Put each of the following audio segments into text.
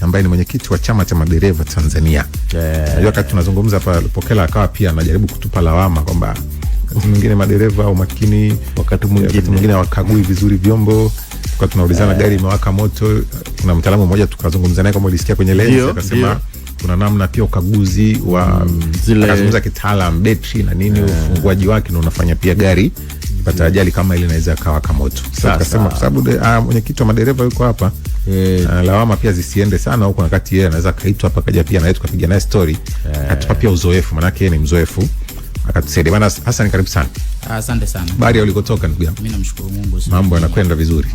ambaye ni mwenyekiti wa chama cha madereva Tanzania. Najua wakati tunazungumza hapa Pokela akawa pia anajaribu kutupa lawama kwamba wakati mwingine madereva au makini, wakati mwingine hawakagui vizuri vyombo kwa tunaulizana, gari imewaka moto. Kuna mtaalamu mmoja tukazungumza naye kama ulisikia kwenye lens, akasema kuna namna pia ukaguzi wa mm, za kitaalam betri na nini yeah, ufunguaji wake na unafanya pia gari pata mm. ajali kama ile inaweza kawa kama moto. Sasa kasema kwa sababu ah, mwenyekiti wa madereva yuko hapa yeah, ah, lawama pia zisiende sana huko, wakati yeye anaweza kaitwa hapa kaja pia na yetu kapiga naye story yeah, atupa pia uzoefu, maana yake ni mzoefu akatusaidia bana. Hasa karibu sana, asante sana. bari ulikotoka ndugu yangu? Mimi namshukuru Mungu, sana mambo yanakwenda vizuri.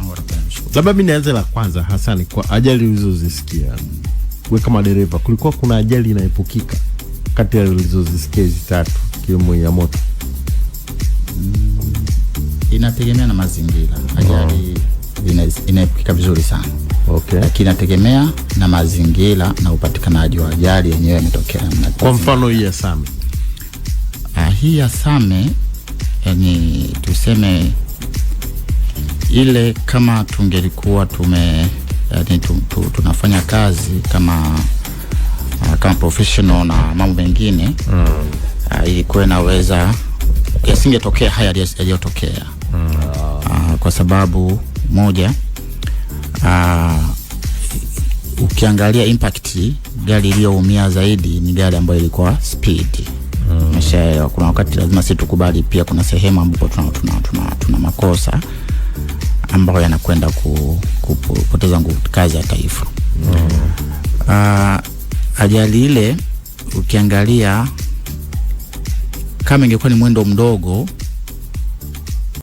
Labda mimi nianze la kwanza, Hassan, kwa ajali ulizozisikia we kama dereva, kulikuwa kuna ajali inaepukika kati ya ulizozisikia hizi tatu ikiwemo ya moto? Mm, inategemea na mazingira. Ajali oh. inaepukika vizuri sana okay, lakini inategemea na mazingira na upatikanaji wa ajali yenyewe imetokea Kwa mfano hii ya Same, ah, hii ya Same yani eh, tuseme ile kama tungelikuwa tume yani tu, tu, tunafanya kazi kama uh, kama professional na mambo mengine mm. uh, ilikuwa naweza yasingetokea haya yaliyotokea mm. uh, kwa sababu moja uh, ukiangalia impact gari iliyoumia zaidi ni gari ambayo ilikuwa speed mm. Meshaelewa, kuna wakati lazima si tukubali, pia kuna sehemu ambapo tuna, tuna, tuna, tuna makosa ambayo yanakwenda kupoteza ku, nguvu kazi ya taifa mm. Uh, ajali ile ukiangalia kama ingekuwa ni mwendo mdogo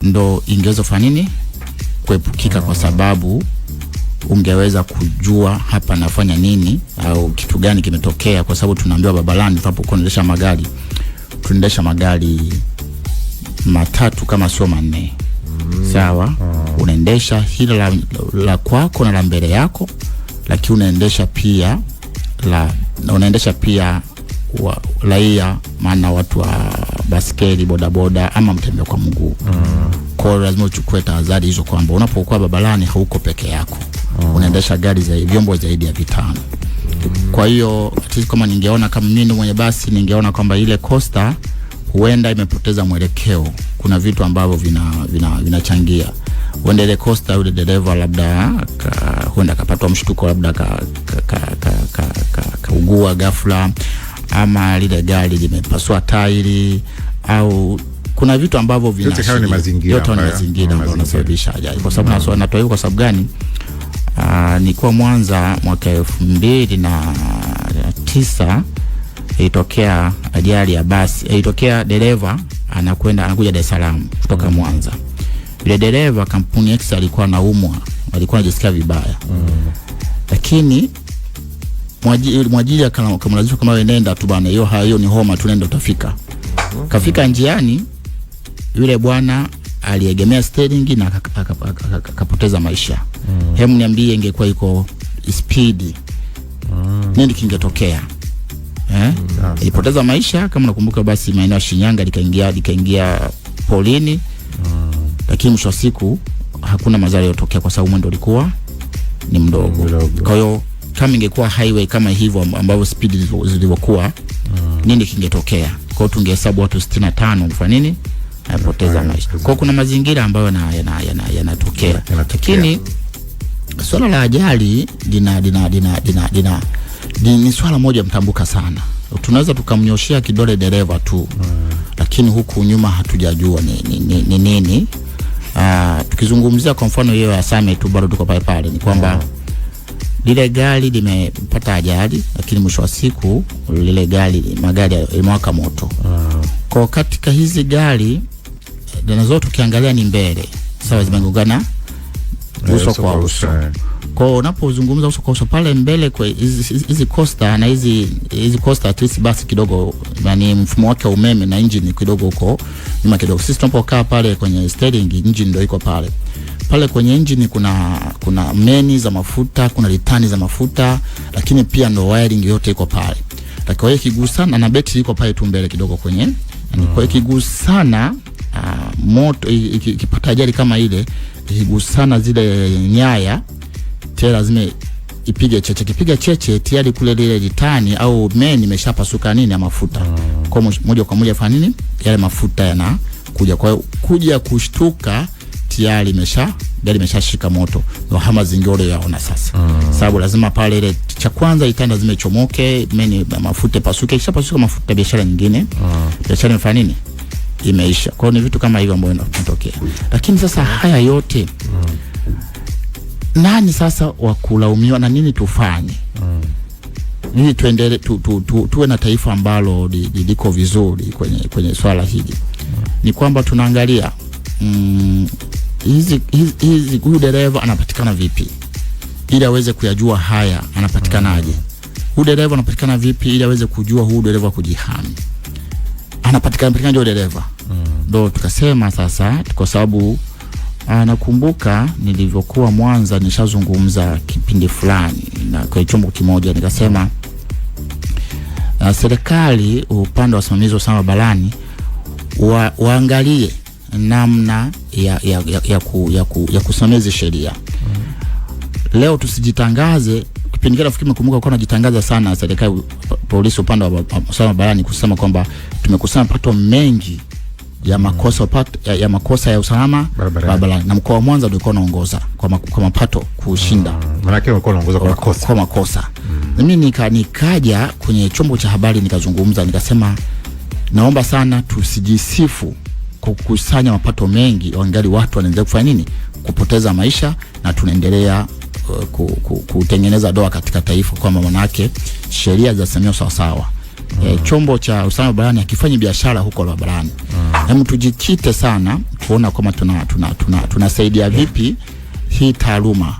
ndo ingeweza kufanya nini kuepukika, kwa sababu ungeweza kujua hapa nafanya nini au kitu gani kimetokea, kwa sababu tunaambiwa babalani tunapokuwa tunaendesha magari tunaendesha magari matatu kama sio manne, sawa unaendesha hilo la, la kwako na la mbele yako, lakini unaendesha pia la unaendesha pia wa, raia maana watu wa baskeli, bodaboda ama mtembea kwa mguu mm. Kwa hiyo lazima uchukue tahadhari hizo kwamba unapokuwa barabarani hauko peke yako mm. Unaendesha gari zaidi, vyombo zaidi ya vitano mm. Kwa hiyo kama ningeona kama mimi mwenye basi ningeona kwamba ile costa huenda imepoteza mwelekeo, kuna vitu ambavyo vinachangia vina, vina huenda ile kosta yule dereva labda huenda akapatwa mshtuko, labda kaugua ghafla, ama lile gari limepasua tairi au kuna vitu ambavyo vinasababisha ni mazingira ambayo yanasababisha ajali. Kwa sababu naswa natoa hiyo kwa sababu gani? Aa, ah, Mwanza mwaka elfu mbili na tisa ilitokea ajali ya basi, ilitokea dereva anakwenda anakuja Dar es Salaam kutoka mm. Mwanza yule dereva kampuni X alikuwa anaumwa, alikuwa anajisikia vibaya mm. Lakini mwajiri mwajiri akamlazimisha kama wewe nenda tu bwana, hiyo hiyo ni homa tu, nenda utafika. mm. Kafika njiani, yule bwana aliegemea steering na akapoteza maisha mm. Hemu niambie, ingekuwa iko speed mm. nini kingetokea? Eh, mm. ilipoteza maisha kama nakumbuka, basi maeneo ya Shinyanga likaingia likaingia polini Mm lakini mwisho wa siku hakuna madhara yotokea kwa sababu mwendo ulikuwa ni mdogo. Kwa hiyo kama ingekuwa highway kama hivyo ambavyo speed zilivyokuwa mm. nini kingetokea? Kwa hiyo tungehesabu watu 65 mfano nini apoteza maisha. Kwa hiyo kuna mazingira ambayo yanatokea, lakini swala la ajali dina, dina, dina, dina, dina, ni swala moja mtambuka sana. Tunaweza tukamnyoshea kidole dereva tu mm. lakini huku nyuma hatujajua ni nini ni, ni, ni, Ah, tukizungumzia kwa mfano hiyo ya Same tu bado tuko pale pale, ni kwamba ah. lile gari limepata ajali, lakini mwisho wa siku lile gari magari yamewaka moto ah. Kwa katika hizi gari eh, nazo tukiangalia ni mbele sawa, zimegongana eh, uso kwa uso, uso kwa unapozungumza uso kwa uso pale mbele kwa hizi costa na hizi hizi costa at least basi kidogo, yani mfumo wake wa umeme na engine kidogo huko nyuma kidogo. Sisi tunapokaa pale kwenye steering, engine ndio iko pale pale kwenye engine kuna kuna meni za mafuta, kuna litani za mafuta, lakini pia ndo wiring yote iko pale. Kwa hiyo ikigusana na betri iko pale tu mbele kidogo kwenye yani, Kwa hiyo ah. ikigusana uh, moto ikipata ajali kama ile ikigusana zile nyaya tayari lazima ipige cheche. Kipiga cheche tayari kule lile litani au meni imeshapasuka nini ya mafuta mm. Kwa moja kwa moja fanya nini yale mafuta yana kuja kwa kuja kushtuka tayari imesha gari imeshashika moto na hama zingore yaona sasa mm. Sababu lazima pale ile cha kwanza itanda zimechomoke meni mafuta pasuke, kisha pasuka mafuta biashara nyingine mm. Biashara imefanya nini imeisha. Kwa ni vitu kama hivyo ambavyo vinatokea, lakini sasa haya yote mm nani sasa wa kulaumiwa na nini tufanye? mm. Nini tuendele tu, tu, tu, tuwe na taifa ambalo liliko di, di, vizuri kwenye, kwenye swala hili mm. Ni kwamba tunaangalia mm, hizi hizi, huyu dereva anapatikana vipi ili aweze kuyajua haya, anapatikanaje? Mm. Huyu dereva anapatikana vipi ili aweze kujua huyu dereva kujihami, anapatikana patikana dereva ndo mm. Tukasema sasa kwa sababu Ah, nakumbuka nilivyokuwa Mwanza nishazungumza kipindi fulani na kwa chombo kimoja nikasema, na ah, serikali upande wa wasimamizi wa usalama barani wa, waangalie namna ya, ya, ya, ya, ku, ya, ku, ya kusimamia sheria mm. Leo tusijitangaze. Kipindi kile nafikiri mkumbuka kwa najitangaza sana serikali polisi upande wa usalama barani kusema kwamba tumekusanya mapato mengi ya hmm. makosa, pato, ya ya makosa ya usalama barabarani na mkoa wa Mwanza ndio ulikuwa unaongoza kwa, ma, kwa mapato kushinda mm. Maana yake ulikuwa unaongoza kwa makosa, kwa makosa. Mm. Mimi nika, nikaja kwenye chombo cha habari nikazungumza nikasema naomba sana tusijisifu kukusanya mapato mengi wangali watu wanaendelea kufanya nini kupoteza maisha na tunaendelea uh, kutengeneza doa katika taifa kwamba manake sheria za zinasimamiwa sawasawa. Mm. E, chombo cha usalama barabarani hakifanyi biashara huko barabarani hemu tujikite sana kuona kwamba tunasaidia tuna, tuna, tuna vipi hii taaluma